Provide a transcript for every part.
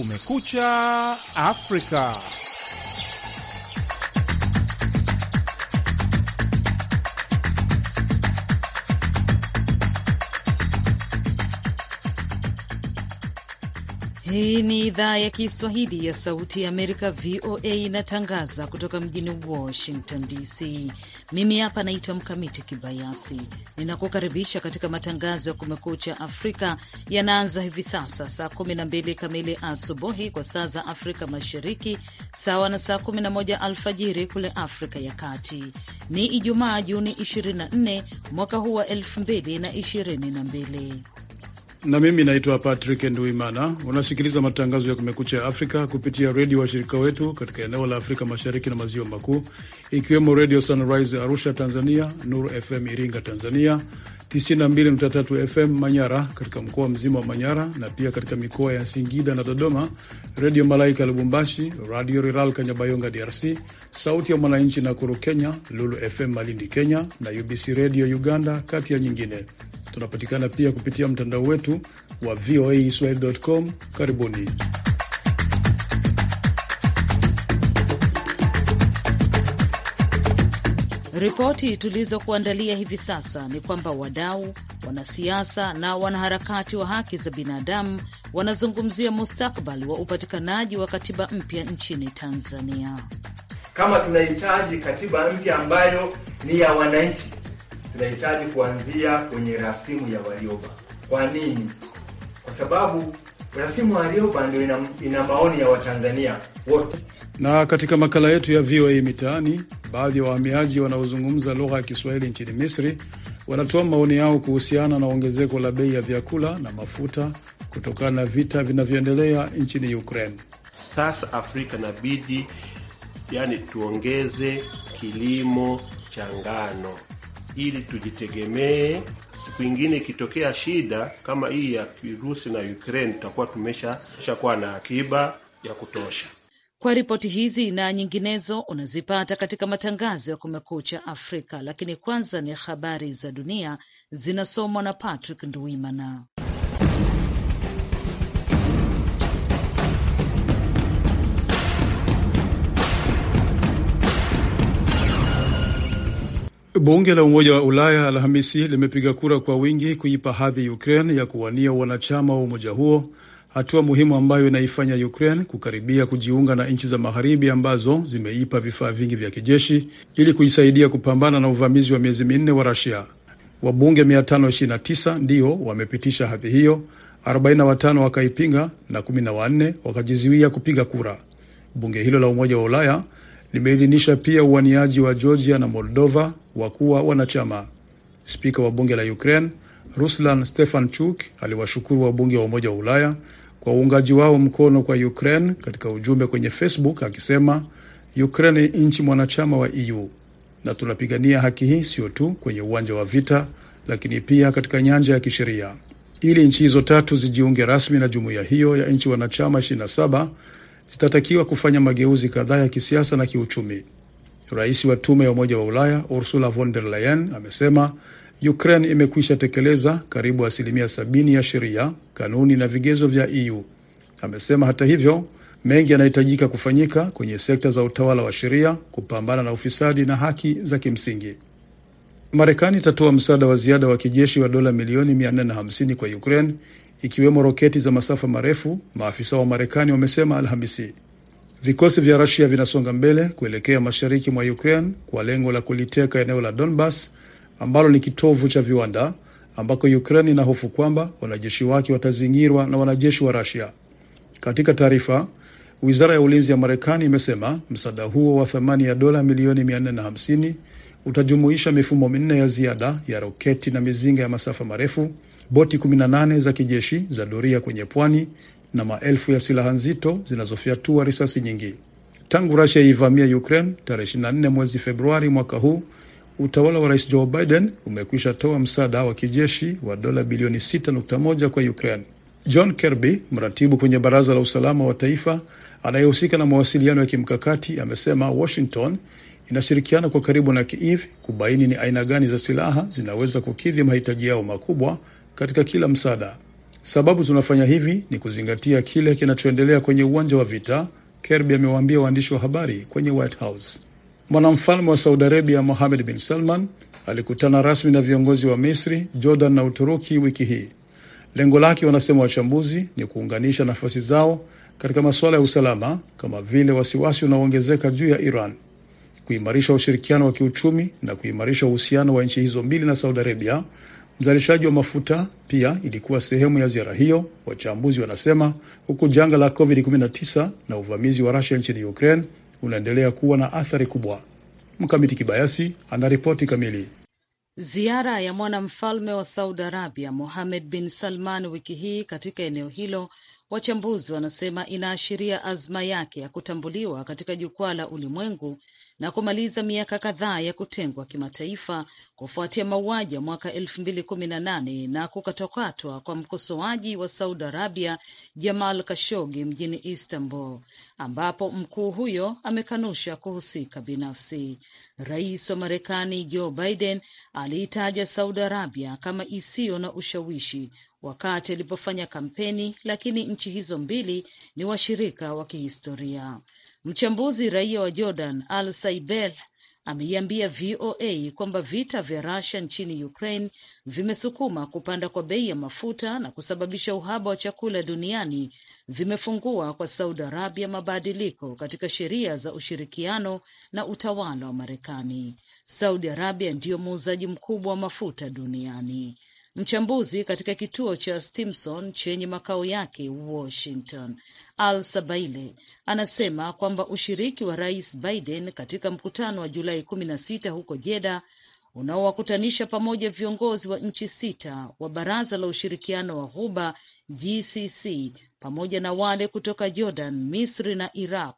Kumekucha Afrika. Hii ni idhaa ya Kiswahili ya Sauti ya Amerika, VOA, inatangaza kutoka mjini Washington DC. Mimi hapa naitwa Mkamiti Kibayasi, ninakukaribisha katika matangazo ya Kumekucha Afrika. Yanaanza hivi sasa saa 12 kamili asubuhi kwa saa za Afrika Mashariki, sawa na saa 11 alfajiri kule Afrika ya Kati. Ni Ijumaa, Juni 24 mwaka huu wa 2022 na mimi naitwa Patrick Nduimana. Unasikiliza matangazo ya Kumekucha ya Afrika kupitia redio washirika wetu katika eneo la Afrika Mashariki na Maziwa Makuu, ikiwemo Redio Sunrise Arusha Tanzania, Nur FM Iringa Tanzania, 92.3 FM Manyara katika mkoa mzima wa Manyara na pia katika mikoa ya Singida na Dodoma, Redio Malaika Lubumbashi, Radio Rural Kanyabayonga DRC, Sauti ya Mwananchi Nakuru Kenya, Lulu FM Malindi Kenya na UBC Redio Uganda, kati ya nyingine. Tunapatikana pia kupitia mtandao wetu wa VOA Swahili.com. Karibuni. Ripoti tulizokuandalia hivi sasa ni kwamba wadau, wanasiasa na wanaharakati wa haki za binadamu wanazungumzia mustakabali wa upatikanaji wa katiba mpya nchini Tanzania. Kama tunahitaji katiba mpya ambayo ni ya wananchi, tunahitaji kuanzia kwenye rasimu ya Warioba. Kwa nini? Kwa sababu ina, ina maoni ya Watanzania wote. Na katika makala yetu ya VOA Mitaani, baadhi ya wa wahamiaji wanaozungumza lugha ya Kiswahili nchini Misri wanatoa maoni yao kuhusiana na ongezeko la bei ya vyakula na mafuta kutokana na vita vinavyoendelea nchini Ukraine. Sasa Afrika inabidi yani, tuongeze kilimo cha ngano ili tujitegemee siku ingine ikitokea shida kama hii ya kirusi na Ukraine, tutakuwa tumeshakuwa na akiba ya kutosha. Kwa ripoti hizi na nyinginezo unazipata katika matangazo ya Kumekucha Afrika, lakini kwanza ni habari za dunia zinasomwa na Patrick Nduimana. Bunge la Umoja wa Ulaya Alhamisi limepiga kura kwa wingi kuipa hadhi Ukraine ya kuwania wanachama wa umoja huo, hatua muhimu ambayo inaifanya Ukraine kukaribia kujiunga na nchi za magharibi ambazo zimeipa vifaa vingi vya kijeshi ili kuisaidia kupambana na uvamizi wa miezi minne wa rasia Wabunge 529 ndio wamepitisha hadhi hiyo, 45 wakaipinga na 14 wakajizuia kupiga kura. Bunge hilo la Umoja wa Ulaya limeidhinisha pia uwaniaji wa Georgia na Moldova wa kuwa wanachama. Spika wa bunge la Ukraine Ruslan Stefanchuk aliwashukuru wabunge wa Umoja wa Ulaya kwa uungaji wao mkono kwa Ukraine katika ujumbe kwenye Facebook akisema, Ukraine ni nchi mwanachama wa EU na tunapigania haki hii sio tu kwenye uwanja wa vita, lakini pia katika nyanja ya kisheria. Ili nchi hizo tatu zijiunge rasmi na jumuiya hiyo ya nchi wanachama 27 zitatakiwa kufanya mageuzi kadhaa ya kisiasa na kiuchumi. Rais wa tume ya Umoja wa Ulaya Ursula von der Leyen amesema Ukraine imekwisha tekeleza karibu asilimia sabini ya sheria, kanuni na vigezo vya EU. Amesema hata hivyo, mengi yanahitajika kufanyika kwenye sekta za utawala wa sheria, kupambana na ufisadi na haki za kimsingi. Marekani itatoa msaada wa ziada wa kijeshi wa dola milioni 450 kwa Ukraine ikiwemo roketi za masafa marefu, maafisa wa Marekani wamesema Alhamisi. Vikosi vya Rusia vinasonga mbele kuelekea mashariki mwa Ukraine kwa lengo la kuliteka eneo la Donbas ambalo ni kitovu cha viwanda, ambako Ukraine ina hofu kwamba wanajeshi wake watazingirwa na wanajeshi wa Rusia. Katika taarifa, wizara ya ulinzi ya Marekani imesema msaada huo wa thamani ya dola milioni 450 utajumuisha mifumo minne ya ziada ya roketi na mizinga ya masafa marefu boti 18 za kijeshi za doria kwenye pwani na maelfu ya silaha nzito zinazofyatua risasi nyingi. Tangu rusia ivamia Ukraine tarehe 24 mwezi Februari mwaka huu, utawala wa Rais Joe Biden umekwisha toa msaada wa kijeshi wa dola bilioni 6.1 kwa Ukraine. John Kirby, mratibu kwenye Baraza la Usalama wa Taifa anayehusika na mawasiliano ya kimkakati, amesema Washington inashirikiana kwa karibu na Kiev kubaini ni aina gani za silaha zinaweza kukidhi mahitaji yao makubwa katika kila msaada. Sababu tunafanya hivi ni kuzingatia kile kinachoendelea kwenye uwanja wa vita, Kirby amewaambia waandishi wa habari kwenye White House. Mwanamfalme wa Saudi Arabia Mohammed bin Salman alikutana rasmi na viongozi wa Misri, Jordan na Uturuki wiki hii. Lengo lake, wanasema wachambuzi, ni kuunganisha nafasi zao katika masuala ya usalama kama vile wasiwasi unaoongezeka juu ya Iran, kuimarisha ushirikiano wa kiuchumi na kuimarisha uhusiano wa nchi hizo mbili na Saudi Arabia mzalishaji wa mafuta pia ilikuwa sehemu ya ziara hiyo, wachambuzi wanasema, huku janga la COVID-19 na uvamizi wa rasia nchini Ukraine unaendelea kuwa na athari kubwa. Mkamiti Kibayasi anaripoti kamili. Ziara ya mwanamfalme wa Saudi Arabia Mohamed bin Salman wiki hii katika eneo hilo, wachambuzi wanasema inaashiria azma yake ya kutambuliwa katika jukwaa la ulimwengu na kumaliza miaka kadhaa ya kutengwa kimataifa kufuatia mauaji ya mwaka elfu mbili kumi na nane na kukatwakatwa kwa mkosoaji wa Saudi Arabia Jamal Kashogi mjini Istanbul, ambapo mkuu huyo amekanusha kuhusika binafsi. Rais wa Marekani Joe Biden aliitaja Saudi Arabia kama isiyo na ushawishi wakati alipofanya kampeni, lakini nchi hizo mbili ni washirika wa kihistoria. Mchambuzi raia wa Jordan Al saibel ameiambia VOA kwamba vita vya Russia nchini Ukraine vimesukuma kupanda kwa bei ya mafuta na kusababisha uhaba wa chakula duniani, vimefungua kwa Saudi Arabia mabadiliko katika sheria za ushirikiano na utawala wa Marekani. Saudi Arabia ndiyo muuzaji mkubwa wa mafuta duniani mchambuzi katika kituo cha Stimson chenye makao yake Washington, Al Sabaile anasema kwamba ushiriki wa Rais Biden katika mkutano wa Julai kumi na sita huko Jeda unaowakutanisha pamoja viongozi wa nchi sita wa Baraza la Ushirikiano wa Ghuba GCC pamoja na wale kutoka Jordan, Misri na Iraq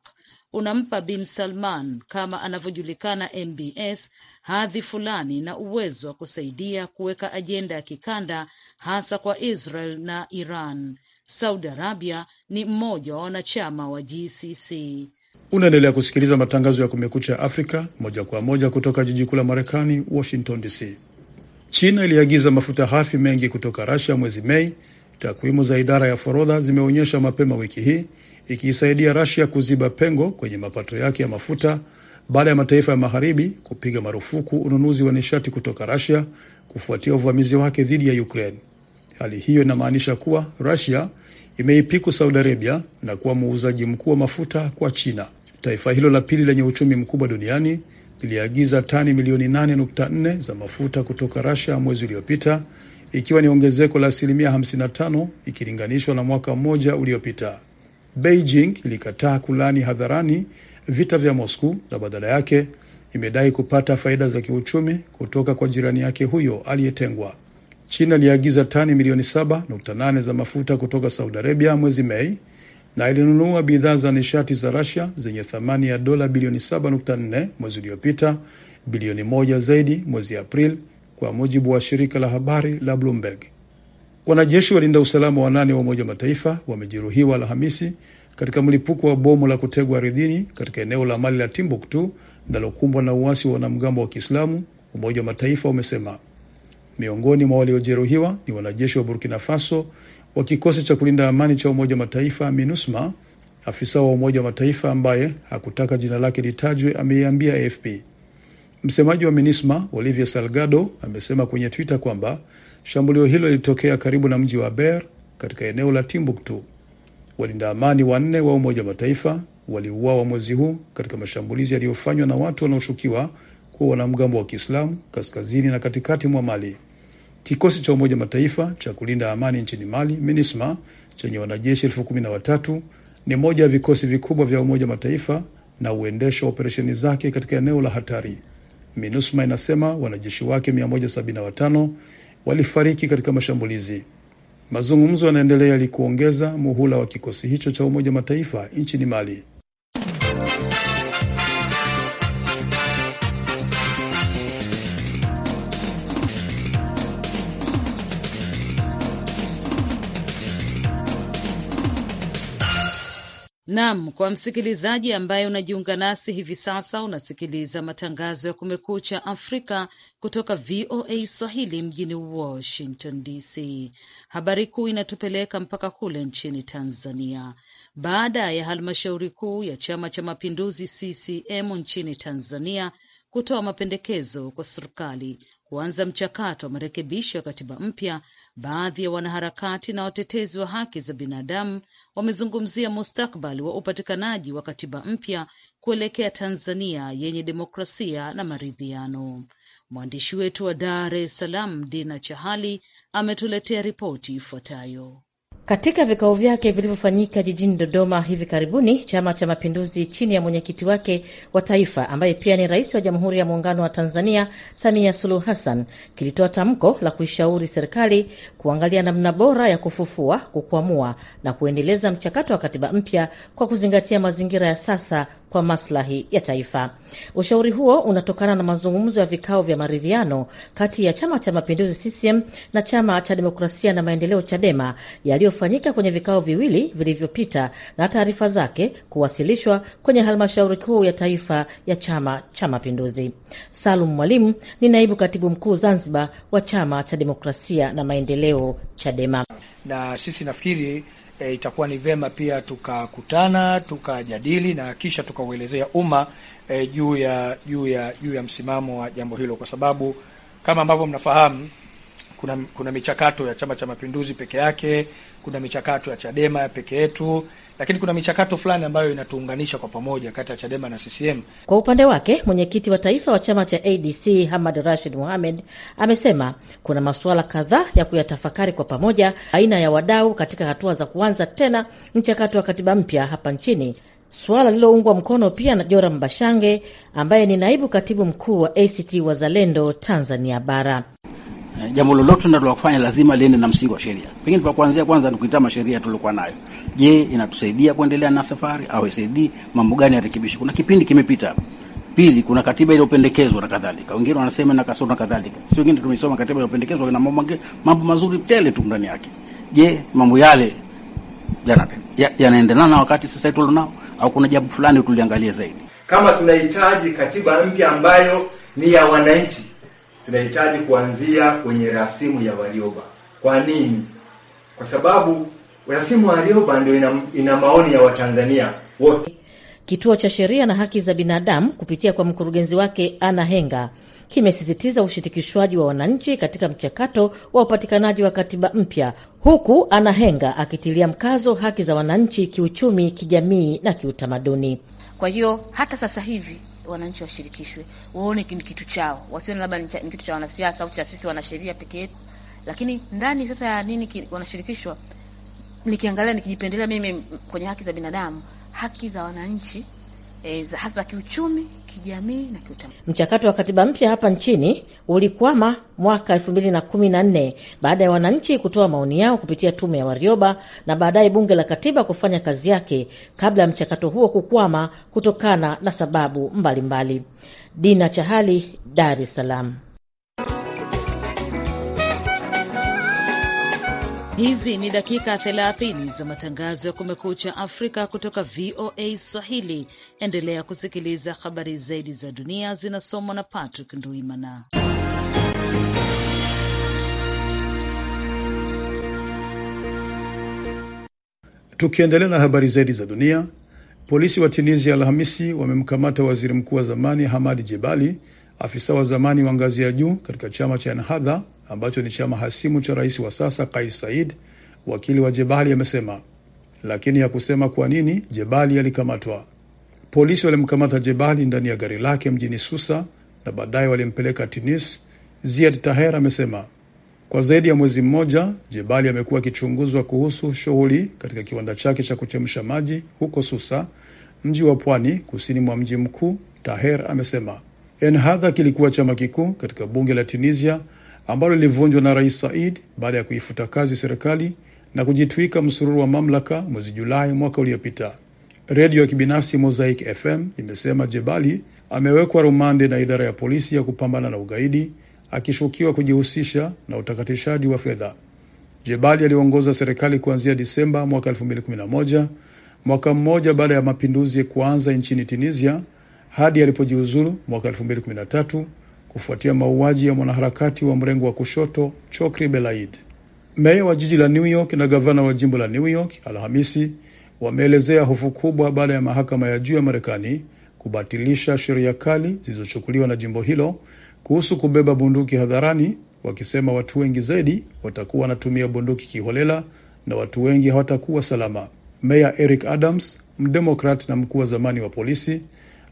unampa Bin Salman kama anavyojulikana MBS hadhi fulani na uwezo wa kusaidia kuweka ajenda ya kikanda hasa kwa Israel na Iran. Saudi Arabia ni mmoja wa wanachama wa GCC. Unaendelea kusikiliza matangazo ya Kumekucha Afrika moja kwa moja kutoka jiji kuu la Marekani, Washington DC. China iliagiza mafuta hafi mengi kutoka Rasia mwezi Mei. Takwimu za idara ya forodha zimeonyesha mapema wiki hii ikiisaidia rasia kuziba pengo kwenye mapato yake ya mafuta baada ya mataifa ya magharibi kupiga marufuku ununuzi wa nishati kutoka rasia kufuatia uvamizi wake dhidi ya Ukraine. Hali hiyo inamaanisha kuwa rasia imeipiku Saudi Arabia na kuwa muuzaji mkuu wa mafuta kwa China. Taifa hilo la pili lenye uchumi mkubwa duniani liliagiza tani milioni 8.4 za mafuta kutoka rasia mwezi uliopita, ikiwa ni ongezeko la asilimia 55 ikilinganishwa na mwaka mmoja uliopita. Beijing ilikataa kulani hadharani vita vya Moscow na badala yake imedai kupata faida za kiuchumi kutoka kwa jirani yake huyo aliyetengwa. China iliagiza tani milioni 7.8 za mafuta kutoka Saudi Arabia mwezi Mei na ilinunua bidhaa za nishati za Russia zenye thamani ya dola bilioni 7.4 mwezi uliopita, bilioni moja zaidi mwezi april kwa mujibu wa shirika la habari la Bloomberg. Wanajeshi walinda usalama wanane wa Umoja wa Mataifa wamejeruhiwa Alhamisi katika mlipuko wa bomu la kutegwa ardhini katika eneo la Mali la Timbuktu linalokumbwa na uasi wa wanamgambo wa Kiislamu, Umoja wa Mataifa umesema. Miongoni mwa waliojeruhiwa ni wanajeshi wa Burkina Faso wa kikosi cha kulinda amani cha Umoja wa Mataifa MINUSMA. Afisa wa Umoja wa Mataifa ambaye hakutaka jina lake litajwe ameiambia AFP. Msemaji wa MINUSMA Olivia Salgado amesema kwenye Twitter kwamba Shambulio hilo lilitokea karibu na mji wa Ber katika eneo la Timbuktu. Walinda amani wanne wa Umoja wa Mataifa waliuawa mwezi huu katika mashambulizi yaliyofanywa na watu wanaoshukiwa kuwa wanamgambo wa Kiislamu kaskazini na katikati mwa Mali. Kikosi cha Umoja Mataifa cha kulinda amani nchini Mali, MINISMA, chenye wanajeshi elfu kumi na watatu ni moja ya vikosi vikubwa vya Umoja Mataifa na huendesha operesheni zake katika eneo la hatari. MINUSMA inasema wanajeshi wake 175 walifariki katika mashambulizi. Mazungumzo yanaendelea yalikuongeza kuongeza muhula wa kikosi hicho cha Umoja Mataifa nchini Mali. Naam, kwa msikilizaji ambaye unajiunga nasi hivi sasa, unasikiliza matangazo ya Kumekucha Afrika kutoka VOA Swahili mjini Washington DC. Habari kuu inatupeleka mpaka kule nchini Tanzania. Baada ya halmashauri kuu ya Chama cha Mapinduzi CCM nchini Tanzania kutoa mapendekezo kwa serikali kuanza mchakato wa marekebisho ya katiba mpya Baadhi ya wanaharakati na watetezi wa haki za binadamu wamezungumzia mustakbali wa upatikanaji wa katiba mpya kuelekea Tanzania yenye demokrasia na maridhiano. Mwandishi wetu wa Dar es Salaam, Dina Chahali, ametuletea ripoti ifuatayo. Katika vikao vyake vilivyofanyika jijini Dodoma hivi karibuni, Chama cha Mapinduzi chini ya mwenyekiti wake wa taifa ambaye pia ni rais wa Jamhuri ya Muungano wa Tanzania, Samia Suluhu Hassan, kilitoa tamko la kuishauri serikali kuangalia namna bora ya kufufua, kukwamua na kuendeleza mchakato wa katiba mpya kwa kuzingatia mazingira ya sasa kwa maslahi ya taifa. Ushauri huo unatokana na mazungumzo ya vikao vya maridhiano kati ya Chama cha Mapinduzi CCM na Chama cha Demokrasia na Maendeleo CHADEMA yaliyofanyika kwenye vikao viwili vilivyopita na taarifa zake kuwasilishwa kwenye halmashauri kuu ya taifa ya Chama cha Mapinduzi. Salum Mwalimu ni naibu katibu mkuu Zanzibar wa Chama cha Demokrasia na Maendeleo CHADEMA. Na sisi nafikiri e, itakuwa ni vema pia tukakutana tukajadili na kisha tukauelezea umma e, juu ya juu ya juu ya msimamo wa jambo hilo, kwa sababu kama ambavyo mnafahamu kuna, kuna michakato ya Chama cha Mapinduzi peke yake, kuna michakato ya Chadema peke yetu lakini kuna michakato fulani ambayo inatuunganisha kwa pamoja kati ya Chadema na CCM. Kwa upande wake mwenyekiti wa taifa wa chama cha ADC Hamad Rashid Muhamed amesema kuna masuala kadhaa ya kuyatafakari kwa pamoja aina ya wadau katika hatua za kuanza tena mchakato wa katiba mpya hapa nchini, suala lililoungwa mkono pia na Joram Bashange ambaye ni naibu katibu mkuu wa ACT Wazalendo Tanzania Bara. Eh, jambo lolote kufanya lazima liende na msingi wa sheria. Pengine pa kuanzia kwanza ni kuitama sheria tuliokuwa nayo. Je, inatusaidia kuendelea na safari au isaidii? Mambo gani yarekebishwe? Kuna kipindi kimepita. Pili, kuna katiba iliyopendekezwa na kadhalika. Wengine wanasema na kasoro na kadhalika, si wengine tumesoma katiba iliyopendekezwa na mambo mazuri tele tu ndani yake. Je, mambo yale yanaendelana ya na wakati sasa hivi tulionao, au kuna jambo fulani tuliangalia zaidi? Kama tunahitaji katiba mpya ambayo ni ya wananchi tunahitaji kuanzia kwenye rasimu ya Warioba. Kwa nini? Kwa sababu rasimu ya Warioba ndio ina, ina maoni ya Watanzania wote. Kituo cha Sheria na Haki za Binadamu kupitia kwa mkurugenzi wake Ana Henga kimesisitiza ushirikishwaji wa wananchi katika mchakato wa upatikanaji wa katiba mpya, huku Ana Henga akitilia mkazo haki za wananchi kiuchumi, kijamii na kiutamaduni. Kwa hiyo hata sasa hivi wananchi washirikishwe, waone ni kitu chao, wasione labda ni kitu cha wanasiasa au cha sisi wanasheria peke yetu. Lakini ndani sasa ya nini wanashirikishwa, nikiangalia nikijipendelea mimi kwenye haki za binadamu, haki za wananchi e, hasa kiuchumi, kijamii na kiutamaduni. Mchakato wa katiba mpya hapa nchini ulikwama mwaka elfu mbili na kumi na nne baada ya wananchi kutoa maoni yao kupitia tume ya Warioba na baadaye bunge la katiba kufanya kazi yake kabla ya mchakato huo kukwama kutokana na sababu mbalimbali mbali. Dina Chahali, Dar es Salaam. Hizi ni dakika 30 za matangazo ya Kumekucha Afrika kutoka VOA Swahili. Endelea kusikiliza habari zaidi za dunia, zinasomwa na Patrick Nduimana. Tukiendelea na habari zaidi za dunia, polisi wa Tunisia Alhamisi wamemkamata waziri mkuu wa zamani Hamadi Jebali Afisa wa zamani wa ngazi ya juu katika chama cha Ennahda ambacho ni chama hasimu cha rais wa sasa Kais Saied, wakili wa Jebali amesema, lakini hakusema kwa nini Jebali alikamatwa. Polisi walimkamata Jebali ndani ya gari lake mjini Susa na baadaye walimpeleka Tunis. Ziad Taher amesema kwa zaidi ya mwezi mmoja Jebali amekuwa akichunguzwa kuhusu shughuli katika kiwanda chake cha kuchemsha maji huko Susa, mji wa pwani kusini mwa mji mkuu. Taher amesema Ennahda kilikuwa chama kikuu katika bunge la Tunisia ambalo lilivunjwa na Rais Said baada ya kuifuta kazi serikali na kujitwika msururu wa mamlaka mwezi Julai mwaka uliopita. Redio ya kibinafsi Mosaic FM imesema Jebali amewekwa rumande na idara ya polisi ya kupambana na ugaidi akishukiwa kujihusisha na utakatishaji wa fedha. Jebali aliongoza serikali kuanzia Disemba mwaka 2011, mwaka mmoja baada ya mapinduzi kuanza nchini Tunisia hadi alipojiuzulu mwaka 2013 kufuatia mauaji ya mwanaharakati wa mrengo wa kushoto Chokri Belaid. Meya wa jiji la New York na gavana wa jimbo la New York Alhamisi wameelezea hofu kubwa baada ya mahakama ya juu ya Marekani kubatilisha sheria kali zilizochukuliwa na jimbo hilo kuhusu kubeba bunduki hadharani, wakisema watu wengi zaidi watakuwa wanatumia bunduki kiholela na watu wengi hawatakuwa salama. Meya Eric Adams, mdemokrat na mkuu wa zamani wa polisi,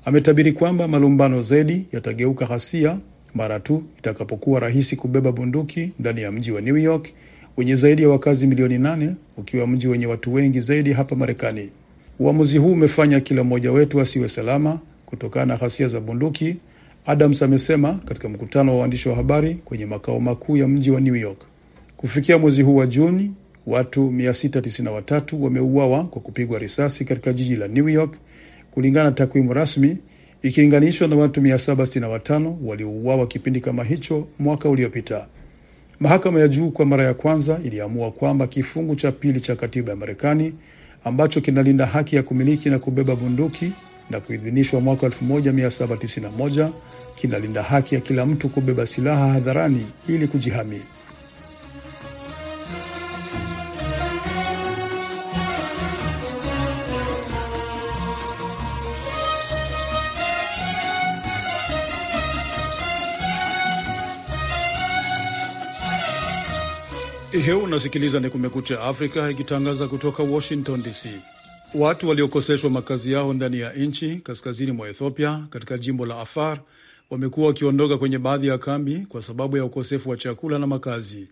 Ametabiri kwamba malumbano zaidi yatageuka ghasia mara tu itakapokuwa rahisi kubeba bunduki ndani ya mji wa New York wenye zaidi ya wakazi milioni nane ukiwa mji wenye watu wengi zaidi hapa Marekani. Uamuzi huu umefanya kila mmoja wetu asiwe salama kutokana na ghasia za bunduki, Adams amesema katika mkutano wa waandishi wa habari kwenye makao makuu ya mji wa New York. Kufikia mwezi huu wa Juni, watu 693 wameuawa kwa kupigwa risasi katika jiji la New York kulingana na takwimu rasmi ikilinganishwa na watu 765 waliouawa kipindi kama hicho mwaka uliopita. Mahakama ya juu kwa mara ya kwanza iliamua kwamba kifungu cha pili cha katiba ya Marekani ambacho kinalinda haki ya kumiliki na kubeba bunduki na kuidhinishwa mwaka 1791 kinalinda haki ya kila mtu kubeba silaha hadharani ili kujihami. He, unasikiliza ni Kumekucha Afrika ikitangaza kutoka Washington DC. Watu waliokoseshwa makazi yao ndani ya nchi kaskazini mwa Ethiopia katika jimbo la Afar wamekuwa wakiondoka kwenye baadhi ya kambi kwa sababu ya ukosefu wa chakula na makazi.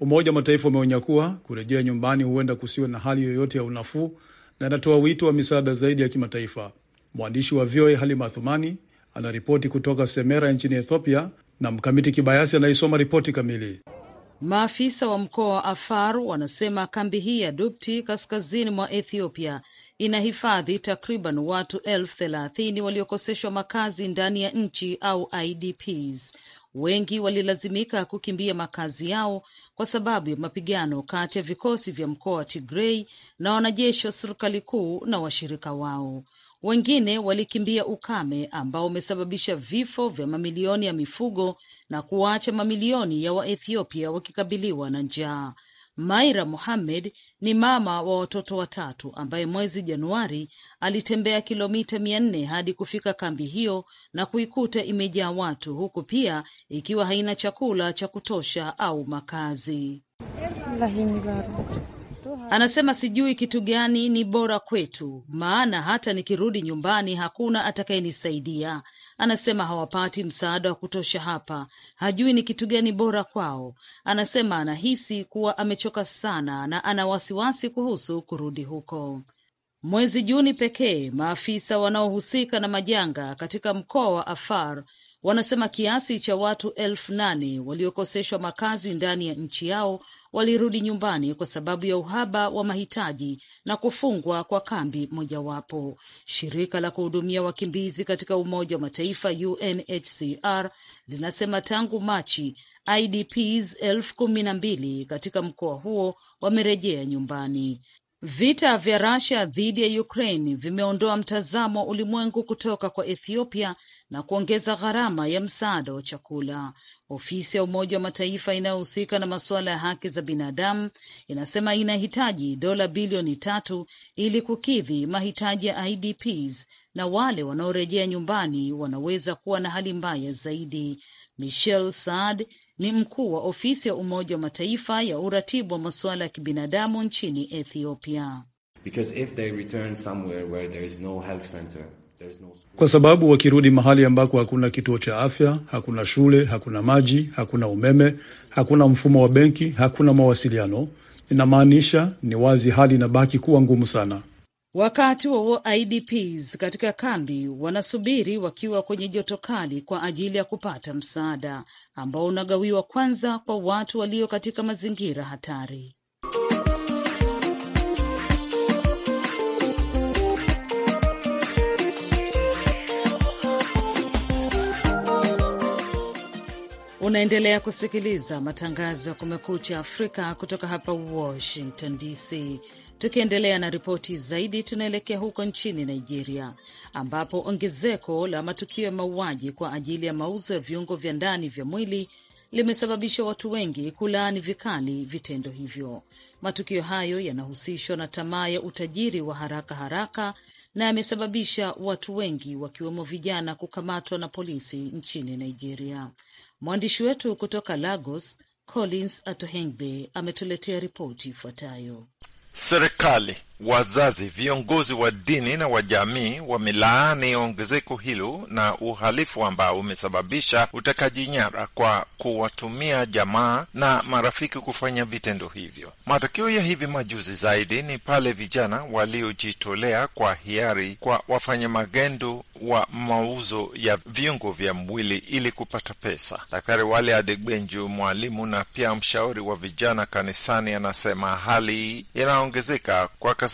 Umoja wa Mataifa umeonya kuwa kurejea nyumbani huenda kusiwe na hali yoyote ya unafuu na anatoa wito wa misaada zaidi ya kimataifa. Mwandishi wa VOA Halima Athumani anaripoti kutoka Semera nchini Ethiopia na Mkamiti Kibayasi anaisoma ripoti kamili. Maafisa wa mkoa wa Afar wanasema kambi hii ya dupti kaskazini mwa Ethiopia inahifadhi takriban watu elfu thelathini waliokoseshwa makazi ndani ya nchi au IDPs. Wengi walilazimika kukimbia makazi yao kwa sababu ya mapigano kati ya vikosi vya mkoa wa Tigrei na wanajeshi wa serikali kuu na washirika wao. Wengine walikimbia ukame ambao umesababisha vifo vya mamilioni ya mifugo na kuwaacha mamilioni ya Waethiopia wakikabiliwa na njaa. Maira Mohamed ni mama wa watoto watatu ambaye mwezi Januari alitembea kilomita mia nne hadi kufika kambi hiyo na kuikuta imejaa watu, huku pia ikiwa haina chakula cha kutosha au makazi. Anasema sijui kitu gani ni bora kwetu, maana hata nikirudi nyumbani hakuna atakayenisaidia. Anasema hawapati msaada wa kutosha hapa, hajui ni kitu gani bora kwao. Anasema anahisi kuwa amechoka sana na ana wasiwasi kuhusu kurudi huko. Mwezi Juni pekee maafisa wanaohusika na majanga katika mkoa wa Afar wanasema kiasi cha watu elfu nane waliokoseshwa makazi ndani ya nchi yao walirudi nyumbani kwa sababu ya uhaba wa mahitaji na kufungwa kwa kambi mojawapo. Shirika la kuhudumia wakimbizi katika Umoja wa Mataifa UNHCR linasema tangu Machi IDPs elfu kumi na mbili katika mkoa huo wamerejea nyumbani. Vita vya Russia dhidi ya Ukraine vimeondoa mtazamo ulimwengu kutoka kwa Ethiopia na kuongeza gharama ya msaada wa chakula. Ofisi ya Umoja wa Mataifa inayohusika na masuala ya haki za binadamu inasema inahitaji dola bilioni tatu ili kukidhi mahitaji ya IDPs na wale wanaorejea nyumbani wanaweza kuwa na hali mbaya zaidi. Michel Saad ni mkuu wa ofisi ya Umoja wa Mataifa ya uratibu wa masuala ya kibinadamu nchini Ethiopia. Because if they return somewhere where there is no health center kwa sababu wakirudi mahali ambako hakuna kituo cha afya, hakuna shule, hakuna maji, hakuna umeme, hakuna mfumo wa benki, hakuna mawasiliano, inamaanisha ni wazi hali inabaki kuwa ngumu sana. Wakati wa IDPs katika kambi wanasubiri wakiwa kwenye joto kali kwa ajili ya kupata msaada ambao unagawiwa kwanza kwa watu walio katika mazingira hatari. Unaendelea kusikiliza matangazo ya Kumekucha Afrika kutoka hapa Washington DC. Tukiendelea na ripoti zaidi, tunaelekea huko nchini Nigeria ambapo ongezeko la matukio ya mauaji kwa ajili ya mauzo ya viungo vya ndani vya mwili limesababisha watu wengi kulaani vikali vitendo hivyo. Matukio hayo yanahusishwa na tamaa ya utajiri wa haraka haraka na yamesababisha watu wengi wakiwemo vijana kukamatwa na polisi nchini Nigeria. Mwandishi wetu kutoka Lagos, Collins Atohengbe, ametuletea ripoti ifuatayo. Serikali Wazazi, viongozi wa dini na wa jamii wamelaani ongezeko hilo na uhalifu ambao umesababisha utekaji nyara kwa kuwatumia jamaa na marafiki kufanya vitendo hivyo. Matokeo ya hivi majuzi zaidi ni pale vijana waliojitolea kwa hiari kwa wafanya magendo wa mauzo ya viungo vya mwili ili kupata pesa. Daktari Wale Adegbenju, mwalimu na pia mshauri wa vijana kanisani, anasema hali inaongezeka kwa kasi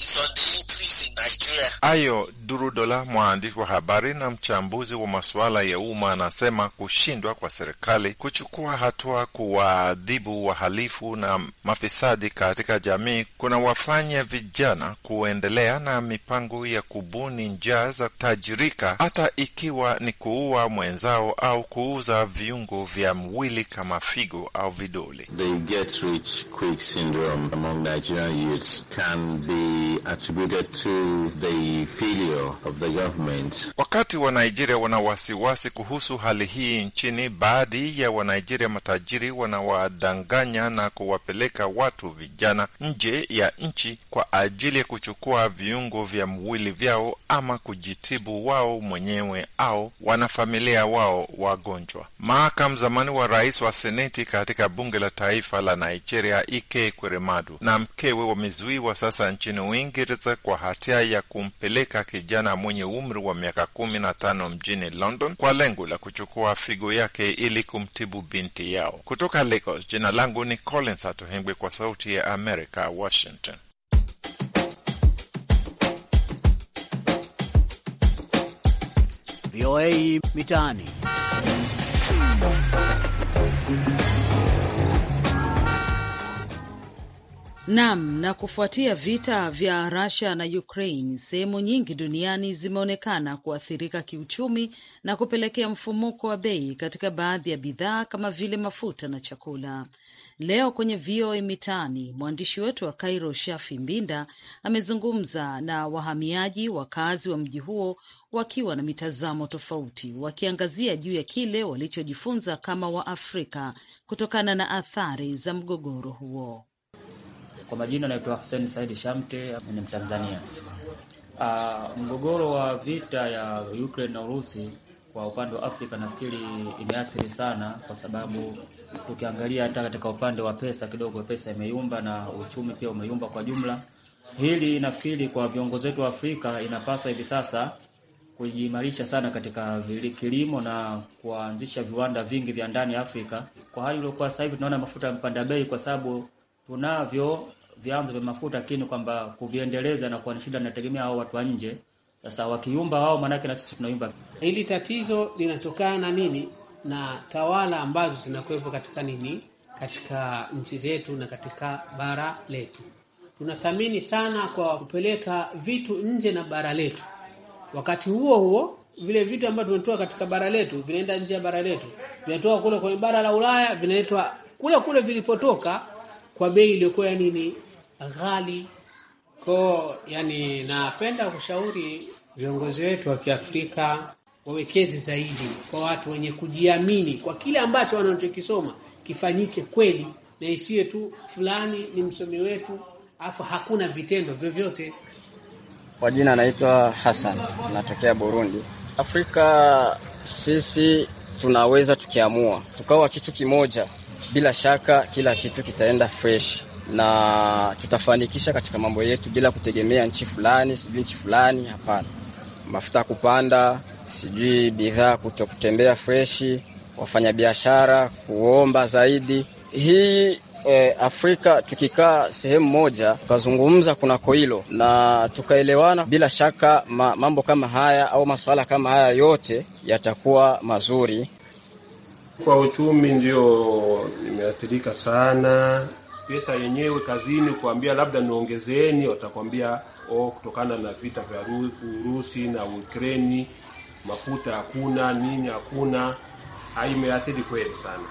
Ayo Durudola, mwandishi wa habari na mchambuzi wa masuala ya umma, anasema kushindwa kwa serikali kuchukua hatua kuwaadhibu wahalifu na mafisadi katika jamii kunawafanya vijana kuendelea na mipango ya kubuni njaa za tajirika, hata ikiwa ni kuua mwenzao au kuuza viungo vya mwili kama figo au vidole. The get rich quick syndrome among Nigerian youths can be attributed to the failure of the government. Wakati wa Nigeria wana wasiwasi kuhusu hali hii nchini, baadhi ya Wanigeria matajiri wanawadanganya na kuwapeleka watu vijana nje ya nchi kwa ajili ya kuchukua viungo vya mwili vyao ama kujitibu wao mwenyewe au wanafamilia wao wagonjwa. Makamu zamani wa rais wa seneti katika bunge la taifa la Nigeria Ike Kweremadu na mkewe wamezuiwa sasa nchini Uingereza Uingereza kwa hatia ya kumpeleka kijana mwenye umri wa miaka kumi na tano mjini London kwa lengo la kuchukua figo yake ili kumtibu binti yao. Kutoka Lagos, jina langu ni Collins Atohengwe kwa Sauti ya america Washington. VOA Mitaani. Nam. Na kufuatia vita vya Russia na Ukraine, sehemu nyingi duniani zimeonekana kuathirika kiuchumi na kupelekea mfumuko wa bei katika baadhi ya bidhaa kama vile mafuta na chakula. Leo kwenye VOA Mitaani, mwandishi wetu wa Cairo Shafi Mbinda amezungumza na wahamiaji, wakazi wa mji huo, wakiwa na mitazamo tofauti, wakiangazia juu ya kile walichojifunza kama Waafrika kutokana na athari za mgogoro huo. Kwa majina naitwa Hussein Saidi Shamte, ni Mtanzania. Uh, mgogoro wa vita ya Ukraine na Urusi kwa upande wa Afrika nafikiri imeathiri sana, kwa sababu tukiangalia hata katika upande wa pesa kidogo, pesa imeyumba na uchumi pia umeyumba kwa jumla. Hili nafikiri kwa viongozi wetu wa Afrika inapaswa hivi sasa kujiimarisha sana katika kilimo na kuanzisha viwanda vingi vya ndani Afrika. Kwa hali iliyokuwa sasa hivi, tunaona mafuta yamepanda bei kwa sababu tunavyo vyanzo vya mafuta, lakini kwamba kuviendeleza na kuwa ni shida, inategemea hao watu wa nje. Sasa wakiumba wao, maanake na sisi tunaumba. Hili tatizo linatokana na nini? Na tawala ambazo zinakuwepo katika nini, katika nchi zetu na katika bara letu. Tunathamini sana kwa kupeleka vitu nje na bara letu, wakati huo huo vile vitu ambavyo tumetoa katika bara letu vinaenda nje ya bara letu, vinatoka kule kwenye bara la Ulaya, vinaletwa kule kule vilipotoka kwa bei iliyokuwa ya nini ghali ko, yani napenda kushauri viongozi wetu wa Kiafrika wawekeze zaidi kwa watu wenye kujiamini, kwa kile ambacho wanachokisoma kifanyike kweli, na isiwe tu fulani ni msomi wetu afu hakuna vitendo vyovyote. Kwa jina anaitwa Hassan, natokea Burundi. Afrika sisi tunaweza tukiamua tukawa kitu kimoja, bila shaka kila kitu kitaenda fresh na tutafanikisha katika mambo yetu bila kutegemea nchi fulani sijui nchi fulani. Hapana, mafuta kupanda, sijui bidhaa kutokutembea freshi, wafanyabiashara kuomba zaidi hii E, Afrika tukikaa sehemu moja tukazungumza kunako hilo na tukaelewana, bila shaka ma, mambo kama haya au masuala kama haya yote yatakuwa mazuri kwa uchumi. Ndio nimeathirika sana pesa yenyewe kazini, kuambia labda niongezeeni, watakwambia oh, kutokana na vita vya Urusi na Ukraini mafuta hakuna, nini hakuna. Imeathiri kweli sana,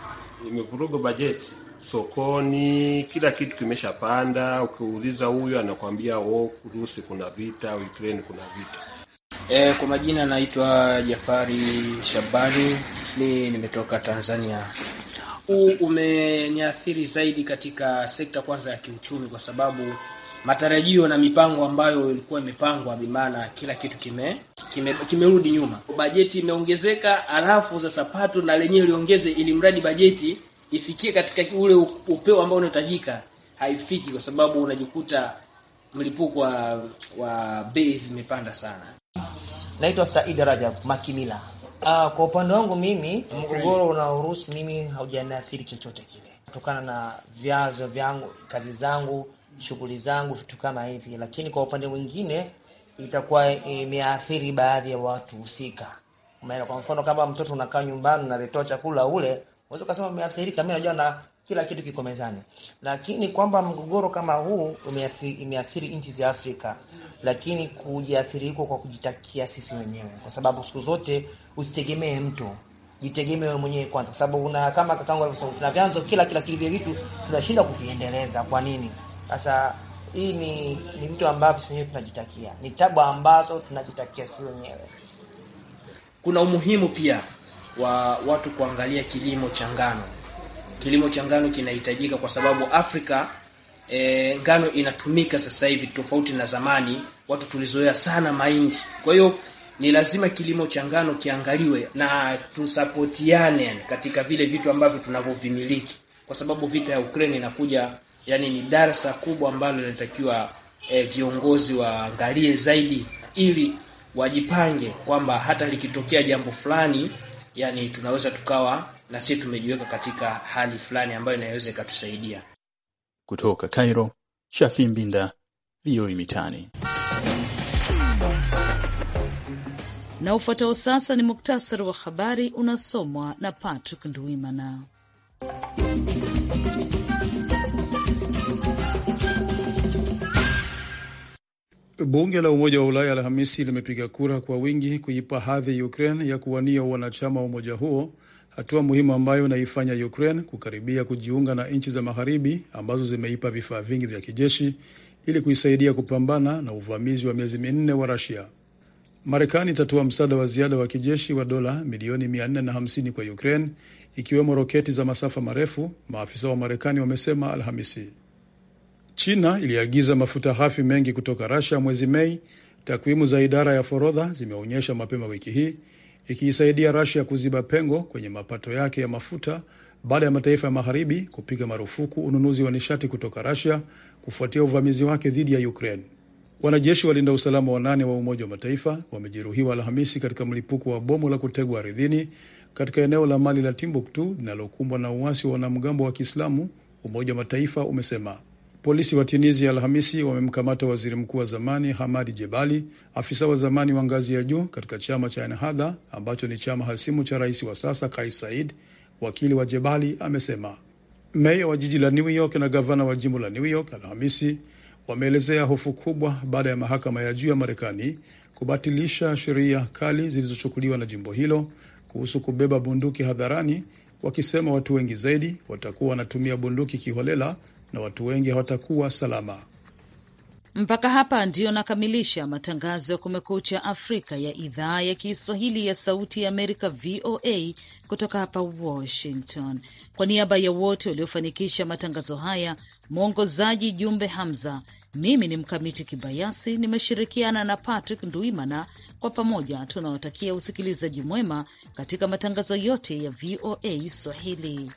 imevuruga bajeti sokoni, kila kitu kimeshapanda. Ukiuliza huyu anakwambia oh, Urusi kuna vita, Ukraini kuna vita. E, kwa majina naitwa Jafari Shabani, ni nimetoka Tanzania huu umeniathiri zaidi katika sekta kwanza ya kiuchumi, kwa sababu matarajio na mipango ambayo ilikuwa imepangwa, bimaana kila kitu kime, kime kimerudi nyuma. Bajeti imeongezeka, alafu sasa pato na lenyewe liongeze, ili mradi bajeti ifikie katika ule upeo ambao unahitajika, haifiki kwa sababu unajikuta mlipuko wa, wa bei zimepanda sana. Naitwa Said Rajab Makimila. Uh, kwa upande wangu mimi mgogoro una Urusi mimi haujaniathiri chochote kile, kutokana na vyanzo vyangu, kazi zangu, shughuli zangu, vitu kama hivi, lakini kwa upande mwingine itakuwa imeathiri baadhi ya watu husika. kwa mfano kama mtoto unakaa nyumbani unaletewa chakula ule, unaweza kusema umeathirika. Mimi najua na kila kitu kiko mezani, lakini kwamba mgogoro kama huu imeathiri nchi za Afrika, lakini kujiathiri huko kwa kujitakia sisi wenyewe, kwa sababu siku zote usitegemee mtu, jitegemee wewe mwenyewe kwanza, kwa sababu una kama kakangu alivyosema, tuna vyanzo kila kila kile vitu tunashindwa kuviendeleza. Kwa nini sasa? Hii ni ni vitu ambavyo sisi wenyewe tunajitakia, ni tabu ambazo tunajitakia sisi wenyewe. Kuna umuhimu pia wa watu kuangalia kilimo cha ngano kilimo cha ngano kinahitajika kwa sababu Afrika e, ngano inatumika sasa hivi tofauti na zamani. Watu tulizoea sana mahindi, kwa hiyo ni lazima kilimo cha ngano kiangaliwe na tusapotiane katika vile vitu ambavyo tunavyovimiliki, kwa sababu vita ya Ukraine inakuja, yani ni darasa kubwa ambalo linatakiwa e, viongozi waangalie zaidi ili wajipange kwamba hata likitokea jambo fulani, yani tunaweza tukawa na sisi tumejiweka katika hali fulani ambayo inaweza ikatusaidia. Kutoka Cairo, Shafi Mbinda, VOA Mitaani. Na ufuatao sasa ni muktasari wa habari unasomwa na Patrick Nduwimana. Bunge la Umoja wa Ulaya Alhamisi limepiga kura kwa wingi kuipa hadhi Ukraine ya kuwania wanachama wa umoja huo hatua muhimu ambayo inaifanya Ukraine kukaribia kujiunga na nchi za magharibi ambazo zimeipa vifaa vingi vya kijeshi ili kuisaidia kupambana na uvamizi wa miezi minne wa Russia. Marekani itatoa msaada wa ziada wa kijeshi wa dola milioni 450 kwa Ukraine, ikiwemo roketi za masafa marefu, maafisa wa Marekani wamesema Alhamisi. China iliagiza mafuta hafi mengi kutoka Russia mwezi Mei. Takwimu za idara ya forodha zimeonyesha mapema wiki hii ikiisaidia rasia kuziba pengo kwenye mapato yake ya mafuta baada ya mataifa ya magharibi kupiga marufuku ununuzi wa nishati kutoka rasia kufuatia uvamizi wake dhidi ya Ukraine. Wanajeshi walinda usalama wanane wa Umoja wa Mataifa wamejeruhiwa Alhamisi katika mlipuko wa bomu la kutegwa ardhini katika eneo la Mali la Timbuktu linalokumbwa na uasi wa wanamgambo wa Kiislamu, Umoja wa Mataifa umesema. Polisi wa Tunisia Alhamisi wamemkamata waziri mkuu wa zamani Hamadi Jebali, afisa wa zamani wa ngazi ya juu katika chama cha Ennahda ambacho ni chama hasimu cha rais wa sasa Kais Saied, wakili wa Jebali amesema. Meya wa jiji la New York na gavana wa jimbo la New York Alhamisi wameelezea hofu kubwa baada ya mahakama ya juu ya Marekani kubatilisha sheria kali zilizochukuliwa na jimbo hilo kuhusu kubeba bunduki hadharani, wakisema watu wengi zaidi watakuwa wanatumia bunduki kiholela na watu wengi hawatakuwa salama. Mpaka hapa ndiyo nakamilisha matangazo ya Kumekucha Afrika ya idhaa ya Kiswahili ya Sauti ya Amerika, VOA, kutoka hapa Washington. Kwa niaba ya wote waliofanikisha matangazo haya, mwongozaji Jumbe Hamza, mimi ni Mkamiti Kibayasi, nimeshirikiana na Patrick Nduimana. Kwa pamoja tunawatakia usikilizaji mwema katika matangazo yote ya VOA Swahili.